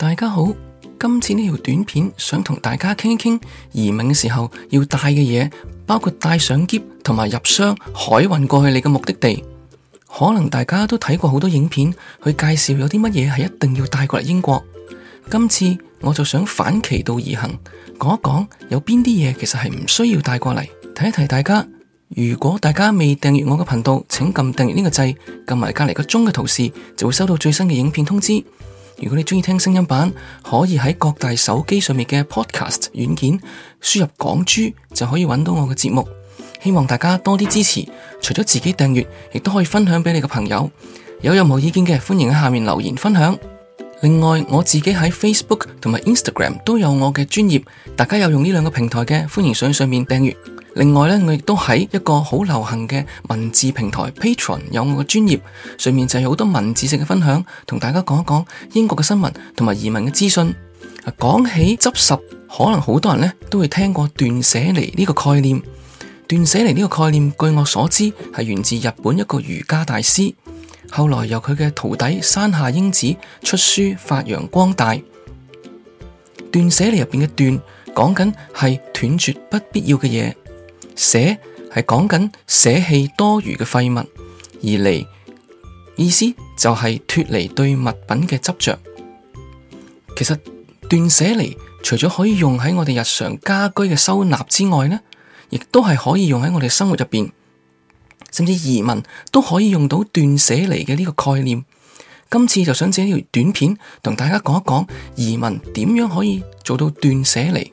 大家好，今次呢條短片想同大家傾一傾移民嘅時候要帶嘅嘢，包括帶上箧同埋入箱海運過去你嘅目的地。可能大家都睇過好多影片去介紹有啲乜嘢係一定要帶過嚟英國。今次我就想反其道而行，講一講有邊啲嘢其實係唔需要帶過嚟。提一提大家，如果大家未訂閱我嘅頻道，請撳訂閱呢個掣，撳埋隔籬個鐘嘅圖示，就會收到最新嘅影片通知。如果你中意聽聲音版，可以喺各大手機上面嘅 Podcast 軟件輸入港珠，就可以揾到我嘅節目。希望大家多啲支持，除咗自己訂閱，亦都可以分享俾你嘅朋友。有任何意見嘅，歡迎喺下面留言分享。另外，我自己喺 Facebook 同埋 Instagram 都有我嘅專頁，大家有用呢兩個平台嘅，歡迎上上面訂閱。另外呢，我亦都喺一個好流行嘅文字平台 Patreon 有我嘅專頁，上面就有好多文字性嘅分享，同大家講一講英國嘅新聞同埋移民嘅資訊。講起執拾，可能好多人呢都會聽過斷捨離呢個概念。斷捨離呢個概念，據我所知係源自日本一個瑜伽大師，後來由佢嘅徒弟山下英子出書發揚光大。斷捨離入邊嘅斷，講緊係斷絕不必要嘅嘢。捨係講緊捨棄多餘嘅廢物，而離意思就係脫離對物品嘅執着。其實斷捨離除咗可以用喺我哋日常家居嘅收納之外，呢亦都係可以用喺我哋生活入邊，甚至移民都可以用到斷捨離嘅呢個概念。今次就想借呢條短片同大家講一講移民點樣可以做到斷捨離。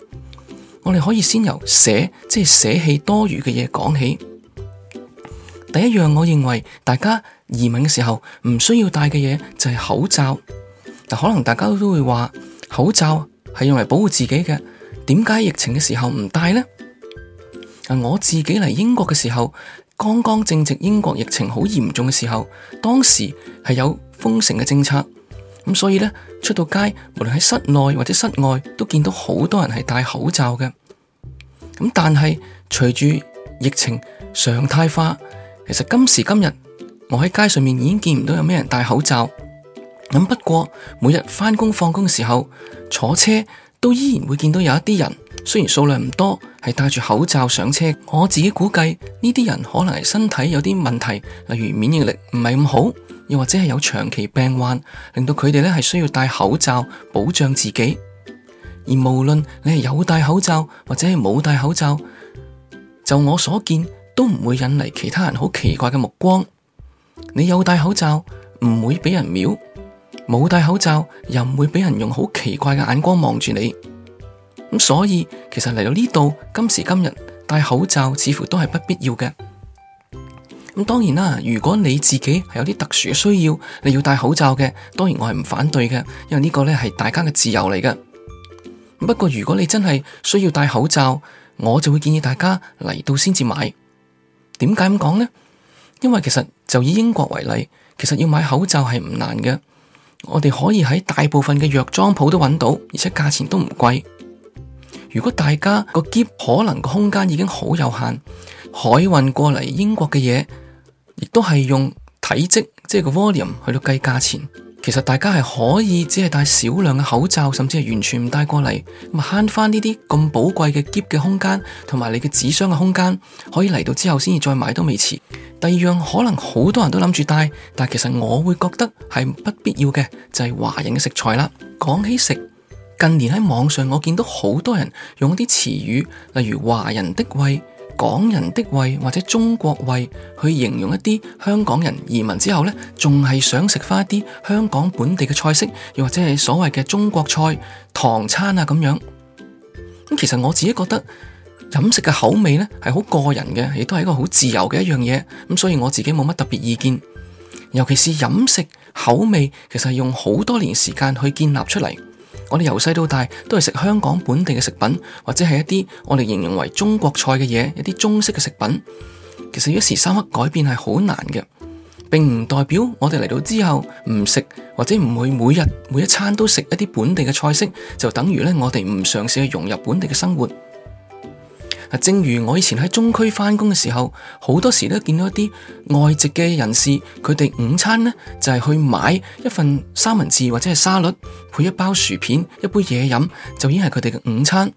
我哋可以先由捨，即係捨棄多餘嘅嘢講起。第一樣，我認為大家移民嘅時候唔需要戴嘅嘢就係口罩。嗱，可能大家都會話口罩係用嚟保護自己嘅，點解疫情嘅時候唔戴呢？啊，我自己嚟英國嘅時候，剛剛正值英國疫情好嚴重嘅時候，當時係有封城嘅政策，咁所以呢，出到街，無論喺室內或者室外，都見到好多人係戴口罩嘅。咁但係隨住疫情常態化，其實今時今日我喺街上面已經見唔到有咩人戴口罩。咁不過每日翻工放工嘅時候坐車都依然會見到有一啲人，雖然數量唔多，係戴住口罩上車。我自己估計呢啲人可能係身體有啲問題，例如免疫力唔係咁好，又或者係有長期病患，令到佢哋咧係需要戴口罩保障自己。而無論你係有戴口罩或者係冇戴口罩，就我所見都唔會引嚟其他人好奇怪嘅目光。你有戴口罩唔會俾人瞄，冇戴口罩又唔會俾人用好奇怪嘅眼光望住你。咁所以其實嚟到呢度，今時今日戴口罩似乎都係不必要嘅。咁當然啦，如果你自己係有啲特殊嘅需要你要戴口罩嘅，當然我係唔反對嘅，因為呢個咧係大家嘅自由嚟嘅。不過如果你真係需要戴口罩，我就會建議大家嚟到先至買。點解咁講呢？因為其實就以英國為例，其實要買口罩係唔難嘅。我哋可以喺大部分嘅藥妝鋪都揾到，而且價錢都唔貴。如果大家個篋可能個空間已經好有限，海運過嚟英國嘅嘢，亦都係用體積即係個 volume 去到計價錢。其實大家係可以只係帶少量嘅口罩，甚至係完全唔帶過嚟，咁慳翻呢啲咁寶貴嘅箧嘅空間，同埋你嘅紙箱嘅空間，可以嚟到之後先至再買都未遲。第二樣可能好多人都諗住帶，但其實我會覺得係不必要嘅，就係華人嘅食材啦。講起食，近年喺網上我見到好多人用一啲詞語，例如華人的胃。港人的胃或者中國胃，去形容一啲香港人移民之後呢，仲係想食翻一啲香港本地嘅菜式，又或者係所謂嘅中國菜、唐餐啊咁樣。咁其實我自己覺得飲食嘅口味呢，係好個人嘅，亦都係一個好自由嘅一樣嘢。咁所以我自己冇乜特別意見，尤其是飲食口味，其實係用好多年時間去建立出嚟。我哋由細到大都係食香港本地嘅食品，或者係一啲我哋形容為中國菜嘅嘢，一啲中式嘅食品。其實一時三刻改變係好難嘅，並唔代表我哋嚟到之後唔食，或者唔會每日每一餐都食一啲本地嘅菜式，就等於咧我哋唔嘗試去融入本地嘅生活。正如我以前喺中區返工嘅時候，好多時都見到一啲外籍嘅人士，佢哋午餐呢就係去買一份三文治或者係沙律，配一包薯片，一杯嘢飲，就已經係佢哋嘅午餐。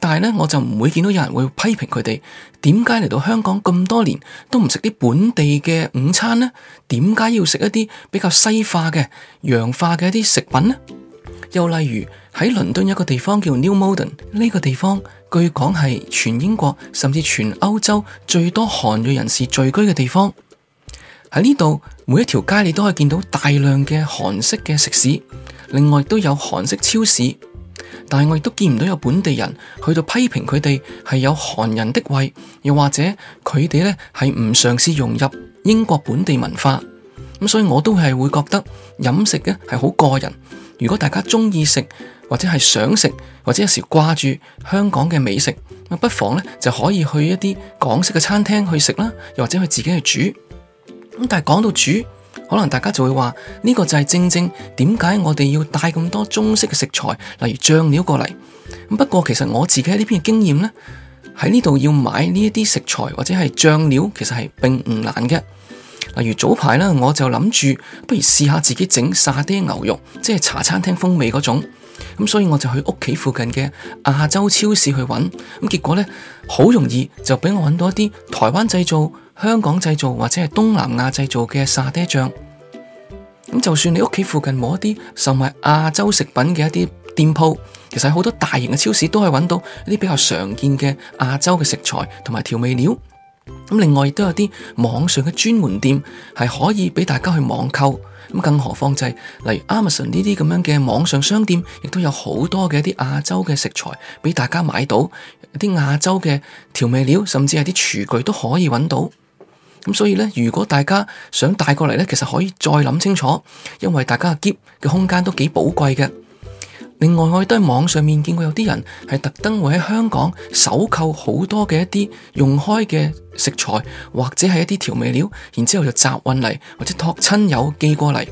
但係呢，我就唔會見到有人會批評佢哋點解嚟到香港咁多年都唔食啲本地嘅午餐呢？點解要食一啲比較西化嘅、洋化嘅一啲食品呢？又例如。喺倫敦有一個地方叫 New Malden 呢個地方據講係全英國甚至全歐洲最多韓裔人士聚居嘅地方。喺呢度每一條街你都可以見到大量嘅韓式嘅食肆，另外都有韓式超市。但係我亦都見唔到有本地人去到批評佢哋係有韓人的味，又或者佢哋呢係唔嘗試融入英國本地文化。所以我都係會覺得飲食咧係好個人。如果大家中意食或者係想食，或者有時掛住香港嘅美食，不妨呢就可以去一啲港式嘅餐廳去食啦，又或者去自己去煮。但係講到煮，可能大家就會話呢個就係正正點解我哋要帶咁多中式嘅食材，例如醬料過嚟。不過其實我自己喺呢邊嘅經驗呢，喺呢度要買呢一啲食材或者係醬料，其實係並唔難嘅。例如早排咧，我就諗住不如試下自己整沙爹牛肉，即係茶餐廳風味嗰種。咁所以我就去屋企附近嘅亞洲超市去揾。咁結果呢，好容易就俾我揾到一啲台灣製造、香港製造或者係東南亞製造嘅沙爹醬。咁就算你屋企附近冇一啲售賣亞洲食品嘅一啲店鋪，其實好多大型嘅超市都係揾到一啲比較常見嘅亞洲嘅食材同埋調味料。咁另外亦都有啲網上嘅專門店係可以俾大家去網購，咁更何況就係，例如 Amazon 呢啲咁樣嘅網上商店，亦都有好多嘅一啲亞洲嘅食材俾大家買到，一啲亞洲嘅調味料甚至係啲廚具都可以揾到，咁所以呢，如果大家想帶過嚟呢，其實可以再諗清楚，因為大家嘅篋嘅空間都幾寶貴嘅。另外，我亦都喺網上面見過有啲人係特登會喺香港搜購好多嘅一啲用開嘅食材，或者係一啲調味料，然之後就集運嚟，或者託親友寄過嚟。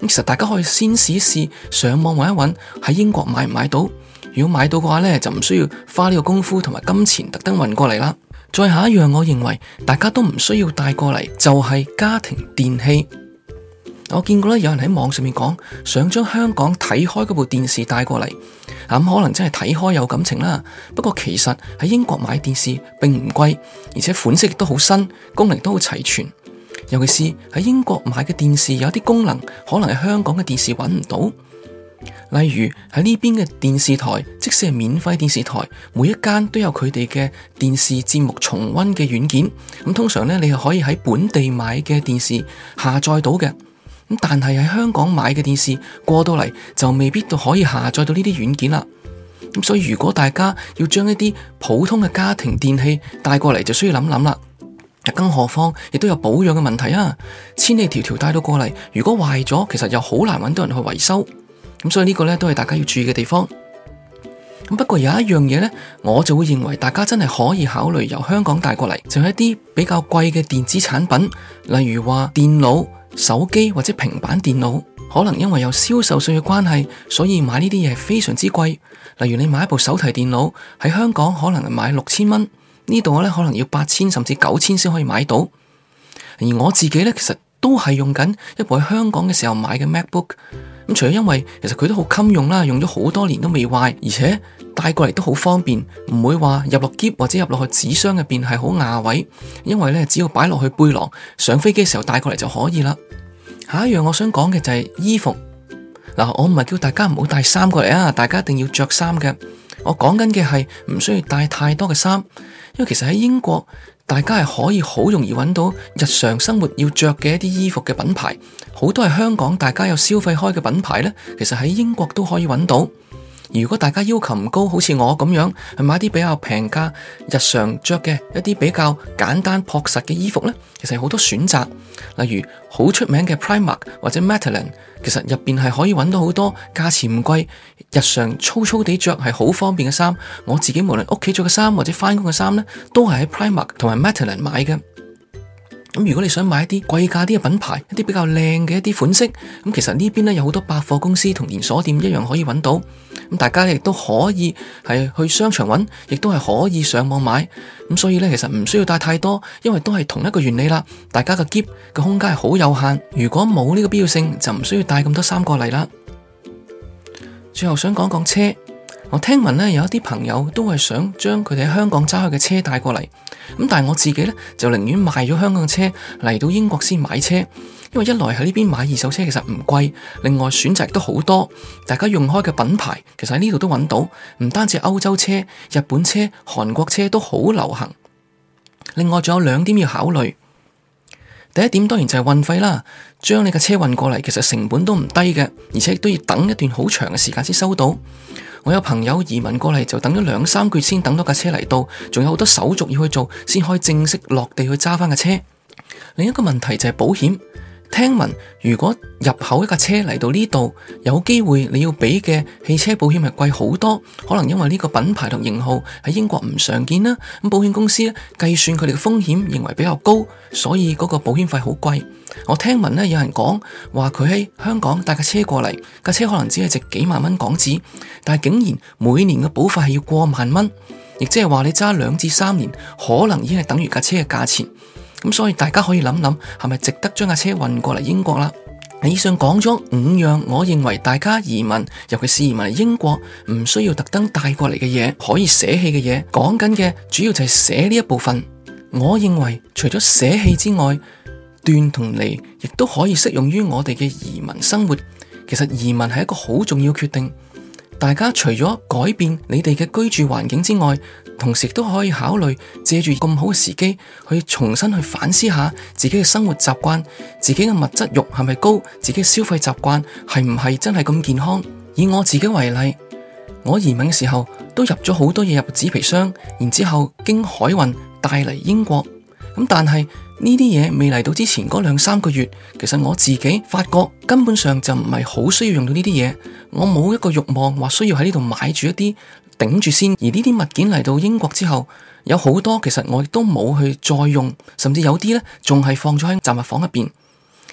咁其實大家可以先試一試，上網揾一揾喺英國買唔買到。如果買到嘅話呢，就唔需要花呢個功夫同埋金錢特登運過嚟啦。再下一樣，我認為大家都唔需要帶過嚟，就係家庭電器。我見過咧，有人喺網上面講想將香港睇開嗰部電視帶過嚟，咁可能真係睇開有感情啦。不過其實喺英國買電視並唔貴，而且款式都好新，功能都好齊全。尤其是喺英國買嘅電視，有啲功能可能喺香港嘅電視揾唔到。例如喺呢邊嘅電視台，即使係免費電視台，每一間都有佢哋嘅電視節目重温嘅軟件。咁通常呢，你係可以喺本地買嘅電視下載到嘅。但係喺香港買嘅電視過到嚟就未必到可以下載到呢啲軟件啦。咁所以如果大家要將一啲普通嘅家庭電器帶過嚟，就需要諗諗啦。更何況亦都有保養嘅問題啊。千里迢迢帶到過嚟，如果壞咗，其實又好難揾到人去維修。咁所以呢個呢，都係大家要注意嘅地方。不過有一樣嘢呢，我就會認為大家真係可以考慮由香港帶過嚟，就係一啲比較貴嘅電子產品，例如話電腦。手機或者平板電腦，可能因為有銷售稅嘅關係，所以買呢啲嘢非常之貴。例如你買一部手提電腦，喺香港可能係買六千蚊，呢度呢可能要八千甚至九千先可以買到。而我自己呢，其實都係用緊一部喺香港嘅時候買嘅 MacBook。咁除咗因為其實佢都好襟用啦，用咗好多年都未壞，而且帶過嚟都好方便，唔會話入落箧或者入落去紙箱入邊係好嘥位，因為咧只要擺落去背囊，上飛機嘅時候帶過嚟就可以啦。下一樣我想講嘅就係衣服，嗱我唔係叫大家唔好帶衫過嚟啊，大家一定要着衫嘅。我講緊嘅係唔需要帶太多嘅衫，因為其實喺英國。大家係可以好容易揾到日常生活要著嘅一啲衣服嘅品牌，好多係香港大家有消費開嘅品牌呢，其實喺英國都可以揾到。如果大家要求唔高，好似我咁樣，係買啲比較平價、日常着嘅一啲比較簡單朴實嘅衣服呢，其實有好多選擇。例如好出名嘅 Primark 或者 Matalan，其實入邊係可以揾到好多價錢唔貴、日常粗粗地着係好方便嘅衫。我自己無論屋企著嘅衫或者翻工嘅衫呢，都係喺 Primark 同埋 Matalan 買嘅。咁如果你想買一啲貴價啲嘅品牌，一啲比較靚嘅一啲款式，咁其實呢邊呢有好多百貨公司同連鎖店一樣可以揾到，咁大家亦都可以係去商場揾，亦都係可以上網買，咁所以呢，其實唔需要帶太多，因為都係同一個原理啦。大家嘅篋個空間係好有限，如果冇呢個必要性，就唔需要帶咁多衫過嚟啦。最後想講講車。我聽聞咧，有一啲朋友都係想將佢哋喺香港揸開嘅車帶過嚟，咁但係我自己呢，就寧願賣咗香港嘅車嚟到英國先買車，因為一來喺呢邊買二手車其實唔貴，另外選擇亦都好多，大家用開嘅品牌其實喺呢度都揾到，唔單止係歐洲車、日本車、韓國車都好流行。另外仲有兩點要考慮，第一點當然就係運費啦，將你嘅車運過嚟，其實成本都唔低嘅，而且都要等一段好長嘅時間先收到。我有朋友移民過嚟，就等咗兩三個月先等到架車嚟到，仲有好多手續要去做，先可以正式落地去揸翻架車。另一個問題就係保險。聽聞如果入口一架車嚟到呢度，有機會你要俾嘅汽車保險係貴好多，可能因為呢個品牌同型號喺英國唔常見啦。咁保險公司咧計算佢哋嘅風險，認為比較高，所以嗰個保險費好貴。我聽聞咧有人講話佢喺香港帶架車過嚟，架車可能只係值幾萬蚊港紙，但係竟然每年嘅保費係要過萬蚊，亦即係話你揸兩至三年，可能已經係等於架車嘅價錢。咁所以大家可以諗諗係咪值得將架車運過嚟英國啦？以上講咗五樣，我認為大家移民，尤其是移民嚟英國唔需要特登帶過嚟嘅嘢，可以捨棄嘅嘢。講緊嘅主要就係捨呢一部分。我認為除咗捨棄之外，斷同離亦都可以適用於我哋嘅移民生活。其實移民係一個好重要決定，大家除咗改變你哋嘅居住環境之外。同時都可以考慮借住咁好嘅時機去重新去反思下自己嘅生活習慣，自己嘅物質慾係咪高，自己嘅消費習慣係唔係真係咁健康。以我自己為例，我移民嘅時候都入咗好多嘢入紙皮箱，然之後經海運帶嚟英國。咁但係呢啲嘢未嚟到之前嗰兩三個月，其實我自己發覺根本上就唔係好需要用到呢啲嘢，我冇一個慾望話需要喺呢度買住一啲。頂住先，而呢啲物件嚟到英國之後，有好多其實我亦都冇去再用，甚至有啲呢仲係放咗喺雜物房入邊。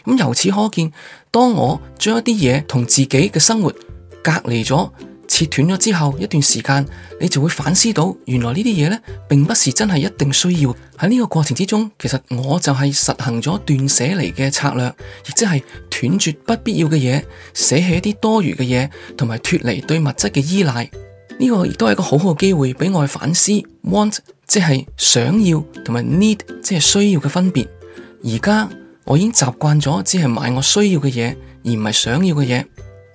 咁由此可見，當我將一啲嘢同自己嘅生活隔離咗、切斷咗之後，一段時間，你就會反思到原來呢啲嘢呢並不是真係一定需要。喺呢個過程之中，其實我就係實行咗斷捨離嘅策略，亦即係斷絕不必要嘅嘢，捨棄一啲多餘嘅嘢，同埋脫離對物質嘅依賴。呢個亦都係一個好好嘅機會，俾我去反思 want 即係想要，同埋 need 即係需要嘅分別。而家我已經習慣咗，只係買我需要嘅嘢，而唔係想要嘅嘢。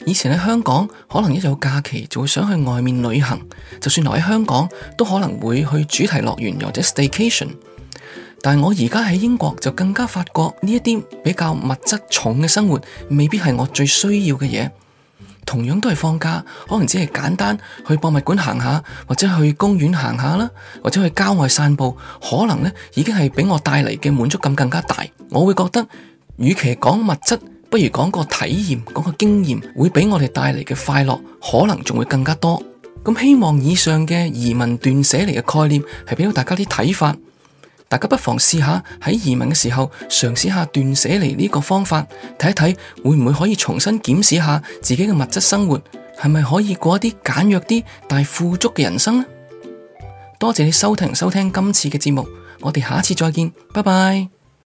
以前喺香港，可能一有假期就會想去外面旅行，就算留喺香港，都可能會去主題樂園或者 staycation。但係我而家喺英國就更加發覺，呢一啲比較物質重嘅生活，未必係我最需要嘅嘢。同樣都係放假，可能只係簡單去博物館行下，或者去公園行下啦，或者去郊外散步，可能呢已經係俾我帶嚟嘅滿足感更加大。我會覺得，與其講物質，不如講個體驗，講個經驗，會俾我哋帶嚟嘅快樂，可能仲會更加多。咁希望以上嘅移民斷捨離嘅概念，係俾到大家啲睇法。大家不妨試下喺移民嘅時候嘗試下斷捨離呢個方法，睇一睇會唔會可以重新檢視下自己嘅物質生活，係咪可以過一啲簡約啲但係富足嘅人生呢？多謝你收聽收聽今次嘅節目，我哋下次再見，拜拜。